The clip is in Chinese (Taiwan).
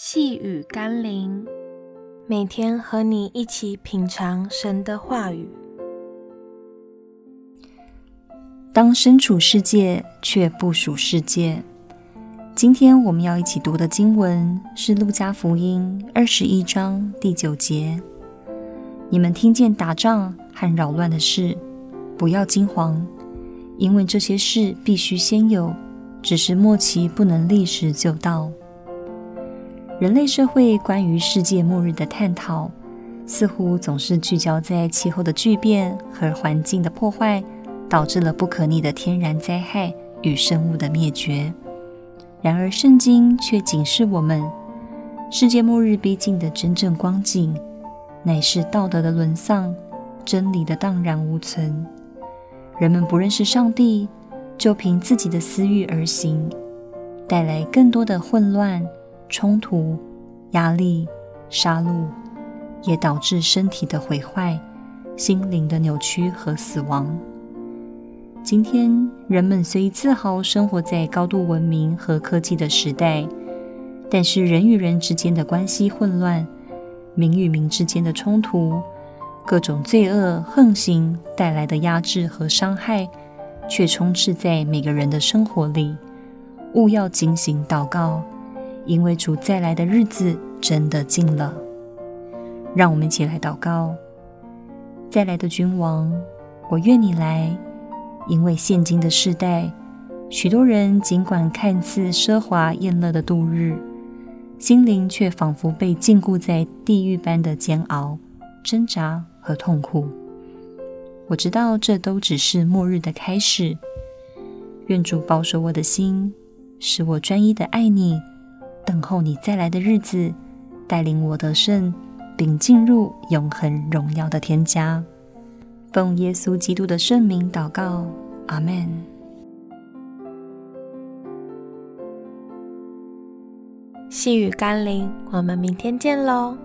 細語甘霖，每天和你一起品嚐神的話語。當身處世界，卻不屬世界。今天我們要一起讀的經文是《路加福音》二十一章第九節。你們聽見打仗和擾亂的事，不要驚惶，因為這些事必須先有，只是末期不能立時就到。人類社會關於世界末日的探討，似乎總是聚焦在氣候的劇變和環境的破壞，導致了不可逆的天然災害與生物的滅絕。然而，聖經卻警示我們：世界末日逼近的真正光景，乃是道德的淪喪、真理的蕩然無存。人們不認識上帝，就憑自己的私慾而行，帶來更多的混亂。衝突、壓力、殺戮，也導致身體的毀壞、心靈的扭曲和死亡。今天，人們雖自豪生活在高度文明和科技的時代，但是人與人之間的關係混亂，民與民之間的衝突，各種罪惡橫行帶來的壓制和傷害，卻充斥在每個人的生活裡。務要警醒禱告。因為主再來的日子真的近了，讓我們一起來禱告。再來的君王，我願你來，因為現今的世代，許多人儘管看似奢華宴樂的度日，心靈卻仿佛被禁錮在地獄般的煎熬、掙扎和痛苦。我知道這都只是末日的開始。願主保守我的心，使我專一的愛你。等候你再來的日子，帶領我得勝，並進入永恆榮耀的天家。奉耶穌基督的聖名禱告，阿們。細語甘霖，我們明天見嘍。